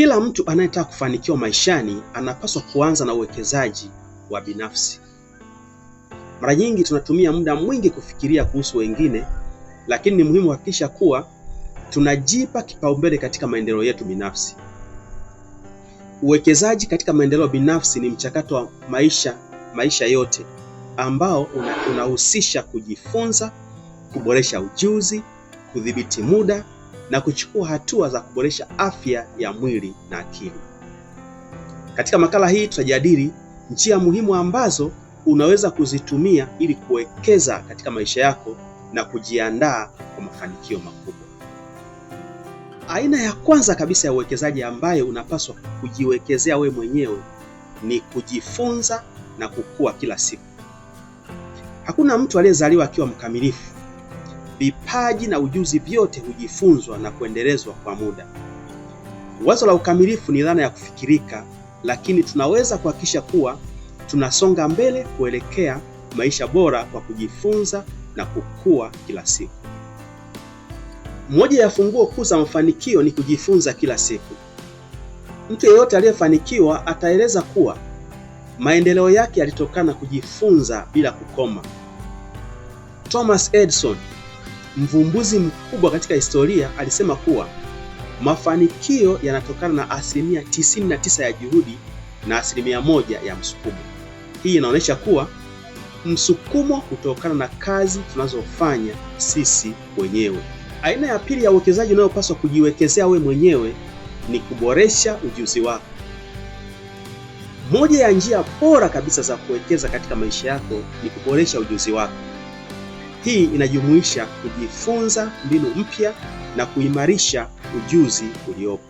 Kila mtu anayetaka kufanikiwa maishani anapaswa kuanza na uwekezaji wa binafsi. Mara nyingi tunatumia muda mwingi kufikiria kuhusu wengine, lakini ni muhimu kuhakikisha kuwa tunajipa kipaumbele katika maendeleo yetu binafsi. Uwekezaji katika maendeleo binafsi ni mchakato wa maisha maisha yote ambao unahusisha una kujifunza, kuboresha ujuzi, kudhibiti muda na kuchukua hatua za kuboresha afya ya mwili na akili. Katika makala hii tutajadili njia muhimu ambazo unaweza kuzitumia ili kuwekeza katika maisha yako na kujiandaa kwa mafanikio makubwa. Aina ya kwanza kabisa ya uwekezaji ambayo unapaswa kujiwekezea wewe mwenyewe ni kujifunza na kukua kila siku. Hakuna mtu aliyezaliwa akiwa mkamilifu vipaji na ujuzi vyote hujifunzwa na kuendelezwa kwa muda. Wazo la ukamilifu ni dhana ya kufikirika, lakini tunaweza kuhakikisha kuwa tunasonga mbele kuelekea maisha bora kwa kujifunza na kukua kila siku. Moja ya funguo kuu za mafanikio ni kujifunza kila siku. Mtu yeyote aliyefanikiwa ataeleza kuwa maendeleo yake yalitokana kujifunza bila kukoma. Thomas Edison mvumbuzi mkubwa katika historia, alisema kuwa mafanikio yanatokana na asilimia 99 ya juhudi na asilimia moja ya msukumo. Hii inaonyesha kuwa msukumo hutokana na kazi tunazofanya sisi wenyewe. Aina ya pili ya uwekezaji unayopaswa kujiwekezea we mwenyewe ni kuboresha ujuzi wako. Moja ya njia bora kabisa za kuwekeza katika maisha yako ni kuboresha ujuzi wako. Hii inajumuisha kujifunza mbinu mpya na kuimarisha ujuzi uliopo.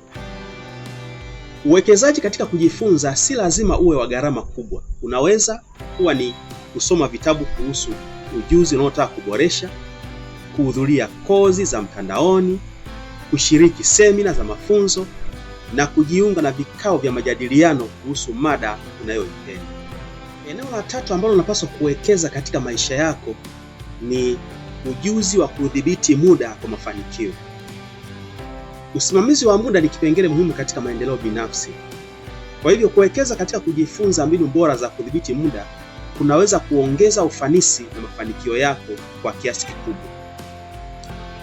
Uwekezaji katika kujifunza si lazima uwe wa gharama kubwa. Unaweza kuwa ni kusoma vitabu kuhusu ujuzi unaotaka kuboresha, kuhudhuria kozi za mtandaoni, kushiriki semina za mafunzo na kujiunga na vikao vya majadiliano kuhusu mada unayoipenda. Eneo la tatu ambalo unapaswa kuwekeza katika maisha yako ni ujuzi wa kudhibiti muda kwa mafanikio. Usimamizi wa muda ni kipengele muhimu katika maendeleo binafsi. Kwa hivyo, kuwekeza katika kujifunza mbinu bora za kudhibiti muda kunaweza kuongeza ufanisi na mafanikio yako kwa kiasi kikubwa.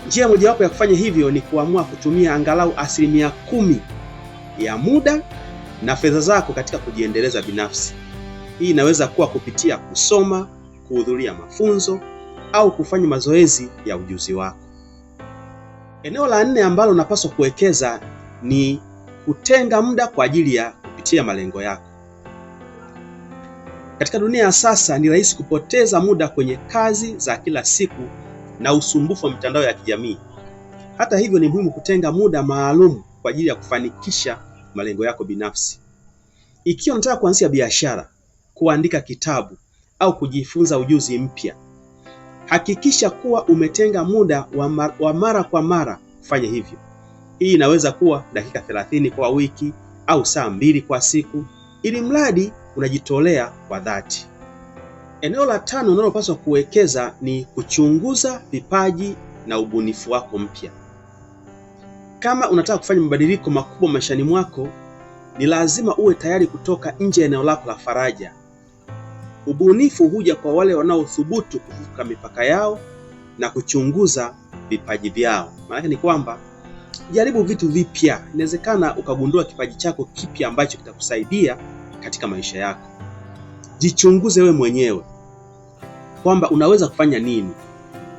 Njia mojawapo ya kufanya hivyo ni kuamua kutumia angalau asilimia kumi ya muda na fedha zako katika kujiendeleza binafsi. Hii inaweza kuwa kupitia kusoma, kuhudhuria mafunzo au kufanya mazoezi ya ujuzi wako. Eneo la nne ambalo unapaswa kuwekeza ni kutenga muda kwa ajili ya kupitia malengo yako. Katika dunia ya sasa, ni rahisi kupoteza muda kwenye kazi za kila siku na usumbufu wa mitandao ya kijamii. Hata hivyo, ni muhimu kutenga muda maalum kwa ajili ya kufanikisha malengo yako binafsi. Ikiwa unataka kuanzisha biashara, kuandika kitabu au kujifunza ujuzi mpya, hakikisha kuwa umetenga muda wa mara, wa mara kwa mara kufanya hivyo. Hii inaweza kuwa dakika 30 kwa wiki au saa mbili kwa siku, ili mradi unajitolea kwa dhati. Eneo la tano unalopaswa kuwekeza ni kuchunguza vipaji na ubunifu wako mpya. Kama unataka kufanya mabadiliko makubwa maishani mwako, ni lazima uwe tayari kutoka nje ya eneo lako la faraja Ubunifu huja kwa wale wanaothubutu kuvuka mipaka yao na kuchunguza vipaji vyao. Maanake ni kwamba jaribu vitu vipya, inawezekana ukagundua kipaji chako kipya ambacho kitakusaidia katika maisha yako. Jichunguze we mwenyewe kwamba unaweza kufanya nini.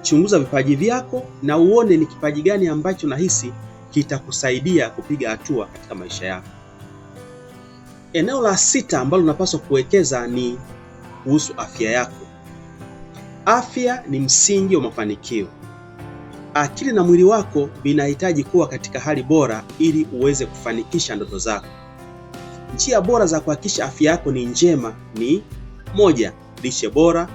Chunguza vipaji vyako na uone ni kipaji gani ambacho nahisi kitakusaidia kupiga hatua katika maisha yako. Eneo la sita ambalo unapaswa kuwekeza ni kuhusu afya yako. Afya ni msingi wa mafanikio. Akili na mwili wako vinahitaji kuwa katika hali bora ili uweze kufanikisha ndoto zako. Njia bora za kuhakikisha afya yako ni njema ni moja, lishe bora.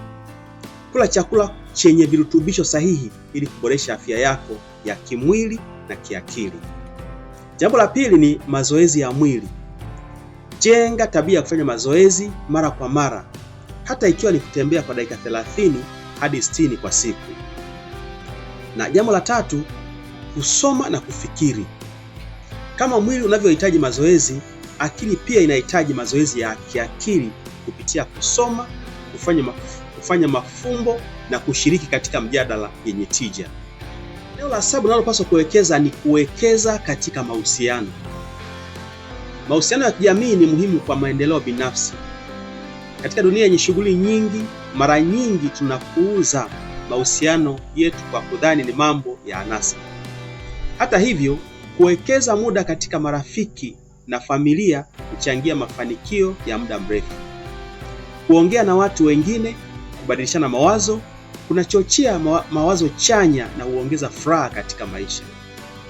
Kula chakula chenye virutubisho sahihi ili kuboresha afya yako ya kimwili na kiakili. Jambo la pili ni mazoezi ya mwili. Jenga tabia ya kufanya mazoezi mara kwa mara hata ikiwa ni kutembea kwa dakika 30 hadi 60 kwa siku. Na jambo la tatu, kusoma na kufikiri. Kama mwili unavyohitaji mazoezi, akili pia inahitaji mazoezi ya kiakili kupitia kusoma, kufanya, maf kufanya mafumbo na kushiriki katika mjadala yenye tija. Eneo la saba unalopaswa kuwekeza ni kuwekeza katika mahusiano. Mahusiano ya kijamii ni muhimu kwa maendeleo binafsi. Katika dunia yenye shughuli nyingi, mara nyingi tunapuuza mahusiano yetu kwa kudhani ni mambo ya anasa. Hata hivyo, kuwekeza muda katika marafiki na familia huchangia mafanikio ya muda mrefu. Kuongea na watu wengine, kubadilishana mawazo kunachochea mawazo chanya na huongeza furaha katika maisha.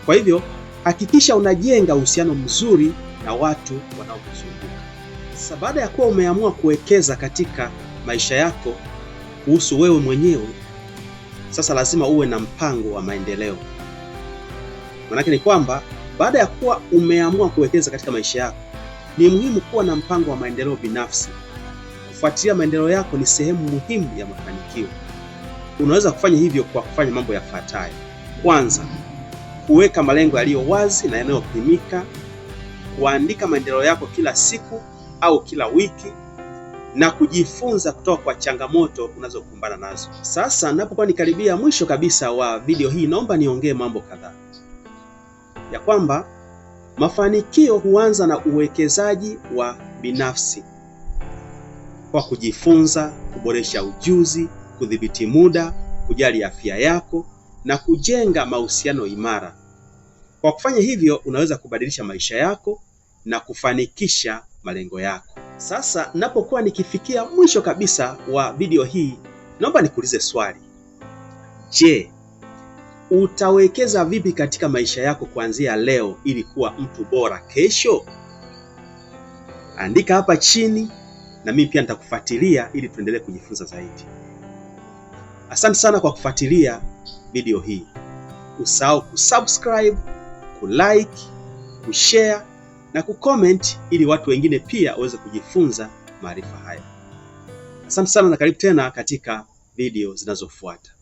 Kwa hivyo, hakikisha unajenga uhusiano mzuri na watu wanaokuzunguka. Sasa baada ya kuwa umeamua kuwekeza katika maisha yako kuhusu wewe mwenyewe, sasa lazima uwe na mpango wa maendeleo. Maanake ni kwamba baada ya kuwa umeamua kuwekeza katika maisha yako, ni muhimu kuwa na mpango wa maendeleo binafsi. Kufuatilia maendeleo yako ni sehemu muhimu ya mafanikio. Unaweza kufanya hivyo kwa kufanya mambo yafuatayo: kwanza, kuweka malengo yaliyo wazi na yanayopimika, kuandika maendeleo yako kila siku au kila wiki na kujifunza kutoka kwa changamoto unazokumbana nazo. Sasa napokuwa nikaribia mwisho kabisa wa video hii, naomba niongee mambo kadhaa ya kwamba mafanikio huanza na uwekezaji wa binafsi kwa kujifunza, kuboresha ujuzi, kudhibiti muda, kujali afya yako na kujenga mahusiano imara. Kwa kufanya hivyo, unaweza kubadilisha maisha yako na kufanikisha malengo yako. Sasa napokuwa nikifikia mwisho kabisa wa video hii, naomba nikuulize swali. Je, utawekeza vipi katika maisha yako kuanzia leo ili kuwa mtu bora kesho? Andika hapa chini na mimi pia nitakufuatilia ili tuendelee kujifunza zaidi. Asante sana kwa kufuatilia video hii. Usahau kusubscribe, kulike, kushare na kucomment ili watu wengine pia waweze kujifunza maarifa haya. Asante sana na karibu tena katika video zinazofuata.